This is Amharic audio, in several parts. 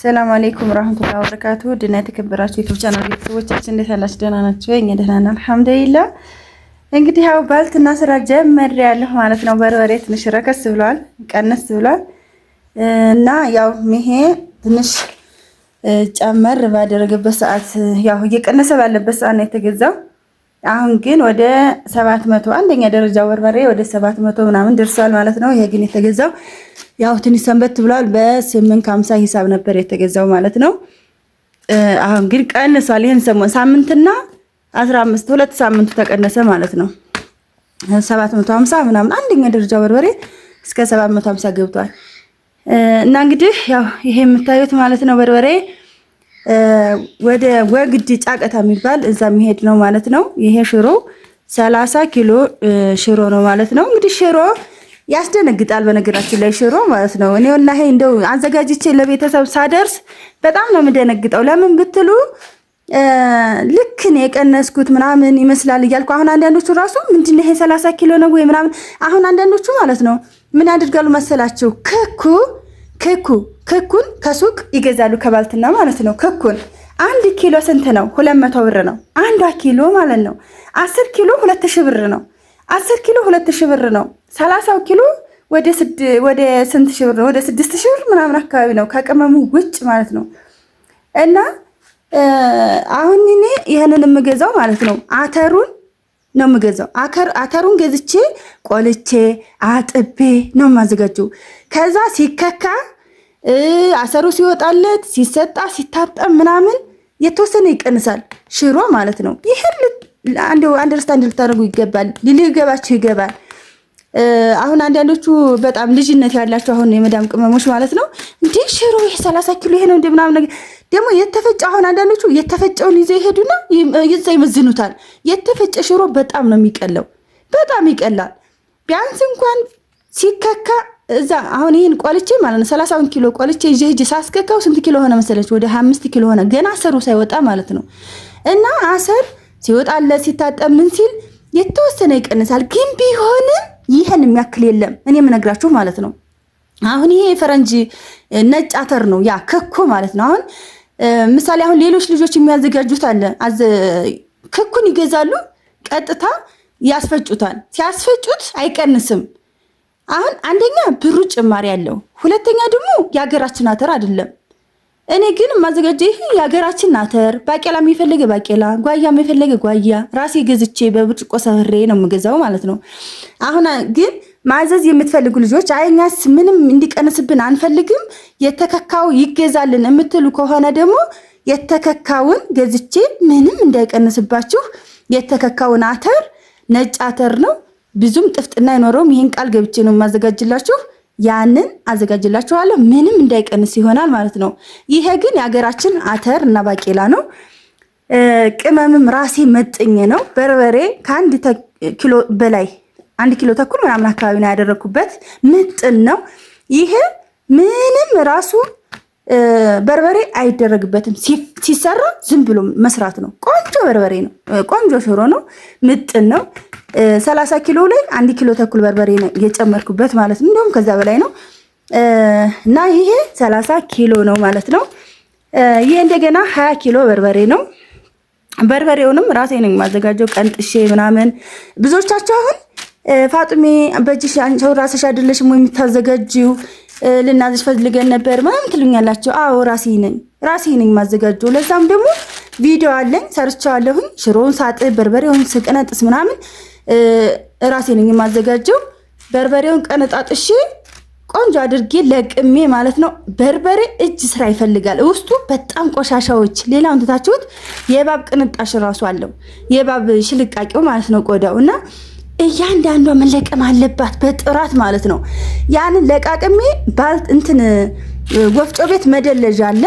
ሰላም አለይኩም ረህመቱላሂ ወበረካቱ ድና የተከበራችሁ ዩቲዩብ ቻናል ቤተሰቦቻችን እንዴት አላችሁ? ደህና ናችሁ እኛ ደህና ነን አልሐምዱሊላህ። እንግዲህ ያው ባልትና ስራ ጀመር ጀምሬያለሁ ማለት ነው። በርበሬ ትንሽ ረከስ ብሏል፣ ቀነስ ብሏል እና ያው ይሄ ትንሽ ጨመር ባደረገበት ሰዓት ያው እየቀነሰ ባለበት ሰዓት ነው የተገዛው አሁን ግን ወደ ሰባት መቶ አንደኛ ደረጃ በርበሬ ወደ ሰባት መቶ ምናምን ደርሷል ማለት ነው። ይሄ ግን የተገዛው ያው ትንሽ ሰንበት ብሏል። በስምንት ሃምሳ ሂሳብ ነበር የተገዛው ማለት ነው። አሁን ግን ቀንሷል። ይህን ሰሞን ሳምንትና አስራ አምስት ሁለት ሳምንቱ ተቀነሰ ማለት ነው። ሰባት መቶ ምናምን አንደኛ ደረጃ በርበሬ እስከ ሰባት መቶ ሃምሳ ገብቷል እና እንግዲህ ያው ይሄ የምታዩት ማለት ነው በርበሬ ወደ ወግድ ጫቀታ የሚባል እዛ የሚሄድ ነው ማለት ነው። ይሄ ሽሮ ሰላሳ ኪሎ ሽሮ ነው ማለት ነው። እንግዲህ ሽሮ ያስደነግጣል። በነገራችን ላይ ሽሮ ማለት ነው እኔ ወላሂ እንደው አዘጋጅቼ ለቤተሰብ ሳደርስ በጣም ነው የምደነግጠው። ለምን ብትሉ ልክን የቀነስኩት ምናምን ይመስላል እያልኩ አሁን አንዳንዶቹ ራሱ ምንድን ይሄ ሰላሳ ኪሎ ነው ወይ ምናምን አሁን አንዳንዶቹ ማለት ነው ምን ያደርጋሉ መሰላችሁ ክኩ ክኩ ክኩን ከሱቅ ይገዛሉ ከባልትና ማለት ነው። ክኩን አንድ ኪሎ ስንት ነው? ሁለት መቶ ብር ነው አንዷ ኪሎ ማለት ነው። አስር ኪሎ ሁለት ሺህ ብር ነው። አስር ኪሎ ሁለት ሺህ ብር ነው። ሰላሳው ኪሎ ወደ ወደ ስንት ሺህ ብር ነው? ወደ ስድስት ሺህ ብር ምናምን አካባቢ ነው ከቅመሙ ውጭ ማለት ነው። እና አሁን እኔ ይህንን የምገዛው ማለት ነው አተሩን ነው የምገዛው። አተሩን ገዝቼ ቆልቼ አጥቤ ነው የማዘጋጀው። ከዛ ሲከካ አሰሩ ሲወጣለት ሲሰጣ ሲታጠብ ምናምን የተወሰነ ይቀንሳል፣ ሽሮ ማለት ነው። ይህ አንድ አንደርስታንድ ልታደርጉ ይገባል፣ ሊገባችሁ ይገባል። አሁን አንዳንዶቹ በጣም ልጅነት ያላቸው አሁን የመዳም ቅመሞች ማለት ነው እንዴ ሽሮ ይሄ ሰላሳ ኪሎ ይሄ ነው እንደ ምናምን ነገር ደግሞ የተፈጨ አሁን አንዳንዶቹ የተፈጨውን ይዘው ይሄዱና ይዛ ይመዝኑታል። የተፈጨ ሽሮ በጣም ነው የሚቀለው፣ በጣም ይቀላል። ቢያንስ እንኳን ሲከካ እዛ አሁን ይህን ቆልቼ ማለት ነው ሰላሳውን ኪሎ ቆልቼ ይዤ ሂጅ ሳስከካው ስንት ኪሎ ሆነ መሰለች? ወደ ሀያ አምስት ኪሎ ሆነ ገና አሰሩ ሳይወጣ ማለት ነው። እና አሰር ሲወጣለት ሲታጠብ ምን ሲል የተወሰነ ይቀንሳል ግን ቢሆንም ይህን የሚያክል የለም። እኔ የምነግራችሁ ማለት ነው። አሁን ይሄ የፈረንጅ ነጭ አተር ነው፣ ያ ክኩ ማለት ነው። አሁን ምሳሌ አሁን ሌሎች ልጆች የሚያዘጋጁት አለ። ክኩን ይገዛሉ፣ ቀጥታ ያስፈጩታል። ሲያስፈጩት አይቀንስም። አሁን አንደኛ ብሩ ጭማሪ አለው፣ ሁለተኛ ደግሞ የሀገራችን አተር አይደለም። እኔ ግን ማዘጋጀ ይሄ የሀገራችን ናተር ባቄላ የፈለገ ባቄላ፣ ጓያ የፈለገ ጓያ ራሴ ገዝቼ በብርጭቆ ሰብሬ ነው የምገዛው ማለት ነው። አሁን ግን ማዘዝ የምትፈልጉ ልጆች አይኛስ ምንም እንዲቀንስብን አንፈልግም፣ የተከካው ይገዛልን የምትሉ ከሆነ ደግሞ የተከካውን ገዝቼ ምንም እንዳይቀንስባችሁ የተከካውን አተር ነጭ አተር ነው ብዙም ጥፍጥና አይኖረውም። ይሄን ቃል ገብቼ ነው የማዘጋጅላችሁ። ያንን አዘጋጅላችኋለሁ። ምንም እንዳይቀንስ ይሆናል ማለት ነው። ይሄ ግን የሀገራችን አተር እና ባቄላ ነው። ቅመምም ራሴ መጥኝ ነው። በርበሬ ከአንድ ኪሎ በላይ አንድ ኪሎ ተኩል ምናምን አካባቢ ነው ያደረግኩበት። ምጥን ነው ይሄ። ምንም ራሱ በርበሬ አይደረግበትም። ሲሰራ ዝም ብሎ መስራት ነው። ቆንጆ በርበሬ ነው። ቆንጆ ሽሮ ነው። ምጥን ነው። ሰላሳ ኪሎ ላይ አንድ ኪሎ ተኩል በርበሬ የጨመርኩበት ማለት ነው። እንዲሁም ከዛ በላይ ነው እና ይሄ ሰላሳ ኪሎ ነው ማለት ነው። ይሄ እንደገና ሀያ ኪሎ በርበሬ ነው። በርበሬውንም ራሴ ነኝ የማዘጋጀው ቀንጥሼ ምናምን። ብዙዎቻቸው አሁን ፋጡሜ በእጅሽ አንቺው ራስሽ አይደለሽም ወይ የምታዘጋጅው ልናዝሽ ፈልገን ነበር ምናምን ትሉኛላችሁ። አዎ ራሴ ነኝ ራሴ ነኝ የማዘጋጀው። ለዛም ደግሞ ቪዲዮ አለኝ ሰርቻለሁኝ። ሽሮውን ሳጥብ በርበሬውን ስቀነጥስ ምናምን እራሴ ነኝ የማዘጋጀው። በርበሬውን ቀነጣጥሼ ቆንጆ አድርጌ ለቅሜ ማለት ነው። በርበሬ እጅ ስራ ይፈልጋል። ውስጡ በጣም ቆሻሻዎች፣ ሌላውን ትታችሁት የእባብ ቅንጣሽ ራሱ አለው የእባብ ሽልቃቄው ማለት ነው ቆዳው እና እያንዳንዷ መለቀም አለባት በጥራት ማለት ነው። ያንን ለቃቅሜ እንትን ወፍጮ ቤት መደለዣ አለ።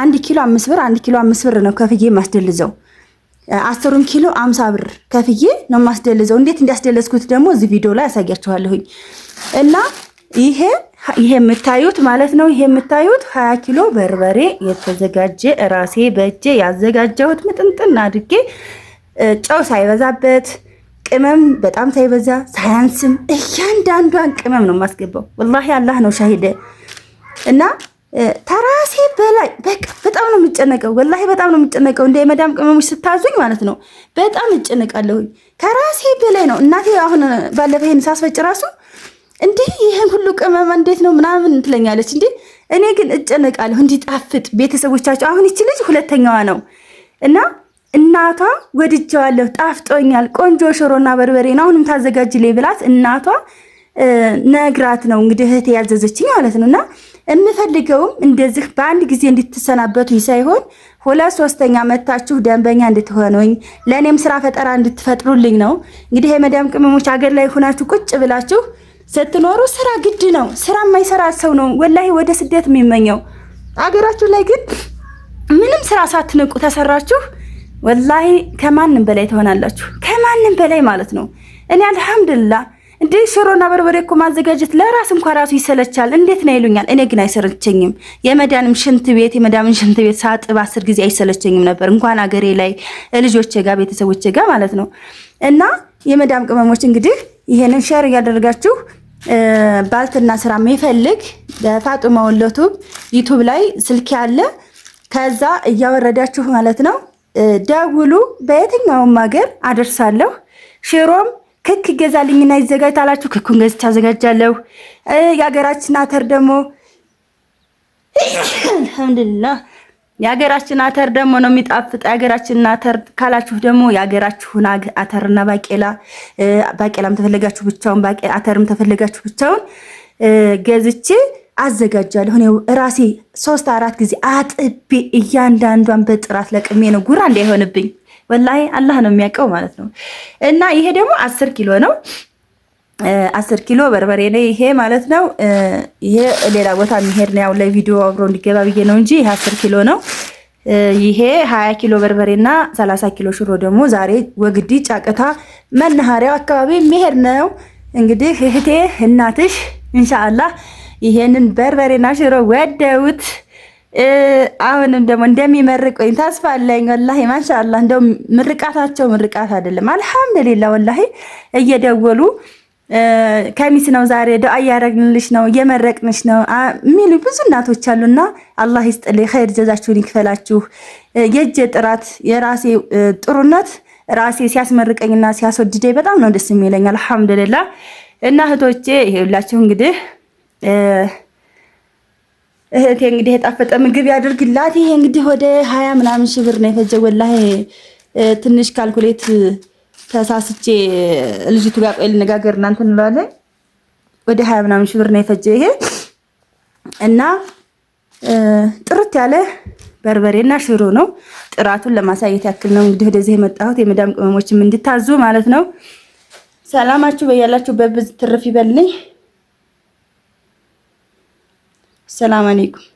አንድ ኪሎ አምስት ብር አንድ ኪሎ አምስት ብር ነው ከፍዬ ማስደልዘው አስሩን ኪሎ አምሳ ብር ከፍዬ ነው የማስደልዘው። እንዴት እንዲያስደለዝኩት ደግሞ እዚህ ቪዲዮ ላይ ያሳያችኋለሁኝ። እና ይሄ ይሄ የምታዩት ማለት ነው ይሄ የምታዩት ሀያ ኪሎ በርበሬ የተዘጋጀ ራሴ በእጄ ያዘጋጀሁት ምጥንጥን አድርጌ ጨው ሳይበዛበት ቅመም በጣም ሳይበዛ ሳያንስም እያንዳንዷን ቅመም ነው የማስገባው። ወላሂ አላህ ነው ሻሂደ እና ተራሴ በላይ በቃ በጣም ነው የምጨነቀው። ወላሂ በጣም ነው የምጨነቀው። እንደ የመዳም ቅመሞች ስታዙኝ ማለት ነው በጣም እጨነቃለሁኝ። ከራሴ በላይ ነው እናቴ። አሁን ባለፈ ይሄን ሳስፈጭ ራሱ እንዲህ ይህን ሁሉ ቅመማ እንዴት ነው ምናምን ትለኛለች። እንዲህ እኔ ግን እጨነቃለሁ እንዲጣፍጥ ቤተሰቦቻቸው። አሁን ይቺ ልጅ ሁለተኛዋ ነው እና እናቷ ወድጀዋለሁ፣ ጣፍጦኛል፣ ቆንጆ ሽሮና በርበሬ ነው አሁንም ታዘጋጅ ብላት እናቷ ነግራት ነው እንግዲህ እህቴ ያዘዘችኝ ማለት ነው እና የምፈልገውም እንደዚህ በአንድ ጊዜ እንድትሰናበቱ ሳይሆን ሁለት ሶስተኛ መታችሁ ደንበኛ እንድትሆኑኝ ለእኔም ስራ ፈጠራ እንድትፈጥሩልኝ ነው። እንግዲህ የመዳም ቅመሞች አገር ላይ ሆናችሁ ቁጭ ብላችሁ ስትኖሩ ስራ ግድ ነው። ስራ የማይሰራ ሰው ነው ወላሂ ወደ ስደት የሚመኘው። አገራችሁ ላይ ግን ምንም ስራ ሳትንቁ ተሰራችሁ ወላሂ ከማንም በላይ ትሆናላችሁ። ከማንም በላይ ማለት ነው። እኔ አልሐምዱሊላህ እንዴ ሽሮና በርበሬ እኮ ማዘጋጀት ለራስ እንኳ ራሱ ይሰለቻል፣ እንዴት ነው ይሉኛል። እኔ ግን አይሰለቸኝም። የመዳንም ሽንት ቤት የመዳምን ሽንት ቤት ሳጥብ አስር ጊዜ አይሰለቸኝም ነበር፣ እንኳን አገሬ ላይ ልጆቼ ጋር ቤተሰቦቼ ጋር ማለት ነው። እና የመዳም ቅመሞች እንግዲህ ይሄንን ሸር እያደረጋችሁ ባልትና ስራ የሚፈልግ በፋጡማ ወለቱብ ዩቱብ ላይ ስልክ ያለ ከዛ እያወረዳችሁ ማለት ነው ደውሉ። በየትኛውም ሀገር አደርሳለሁ ሽሮም ክክ ይገዛልኝና ይዘጋጅ ታላችሁ። ክኩን ገዝቼ አዘጋጃለሁ። የሀገራችን አተር ደግሞ አልሐምዱሊላህ የሀገራችን አተር ደግሞ ነው የሚጣፍጥ። የሀገራችን አተር ካላችሁ ደግሞ የሀገራችሁን አተርና ባቄላ ባቄላም ተፈለጋችሁ ብቻውን አተርም ተፈለጋችሁ ብቻውን ገዝቼ አዘጋጃለሁ። እኔ ራሴ ሶስት አራት ጊዜ አጥቤ እያንዳንዷን በጥራት ለቅሜ ነው ጉራ እንዳይሆንብኝ ወላሂ አላህ ነው የሚያውቀው ማለት ነው። እና ይሄ ደግሞ አስር ኪሎ ነው። አስር ኪሎ በርበሬ ነው ይሄ ማለት ነው። ይሄ ሌላ ቦታ የሚሄድ ነው ያው ለቪዲዮ አብሮ እንዲገባ ብዬ ነው እንጂ ይሄ አስር ኪሎ ነው። ይሄ 20 ኪሎ በርበሬና 30 ኪሎ ሽሮ ደግሞ ዛሬ ወግዲ ጫቅታ መናኸሪያው አካባቢ የሚሄድ ነው። እንግዲህ እህቴ እናትሽ ኢንሻአላህ ይሄንን በርበሬና ሽሮ ወደውት አሁንም ደግሞ እንደሚመርቁኝ ተስፋ አለኝ። ወላሂ ማሻአላ እንደው ምርቃታቸው ምርቃት አይደለም፣ አልሐምዱሊላ ወላሂ እየደወሉ ከሚስ ነው ዛሬ ደ እያረግንልሽ ነው እየመረቅንሽ ነው የሚሉ ብዙ እናቶች አሉና አላህ ይስጥልኝ፣ ኸይር ጀዛችሁን ይክፈላችሁ። የእጄ ጥራት የራሴ ጥሩነት ራሴ ሲያስመርቀኝና ሲያስወድደኝ በጣም ነው ደስ የሚለኝ። አልሐምዱሊላ እና እህቶቼ ይሄ ሁላችሁ እንግዲህ እህቴ እንግዲህ የጣፈጠ ምግብ ያድርግላት። ይሄ እንግዲህ ወደ ሀያ ምናምን ሺህ ብር ነው የፈጀው ወላሂ ትንሽ ካልኩሌት ተሳስቼ ልጅቱ ጋር ቆይ ልነጋገር እናንተ እንለዋለን። ወደ ሀያ ምናምን ሺህ ብር ነው የፈጀ ይሄ እና ጥርት ያለ በርበሬና ሽሮ ነው። ጥራቱን ለማሳየት ያክል ነው እንግዲህ ወደዚህ የመጣሁት የመዳም ቅመሞችም እንድታዙ ማለት ነው። ሰላማችሁ በያላችሁ በብዝ ትርፍ ይበልኝ። ሰላም አለይኩም።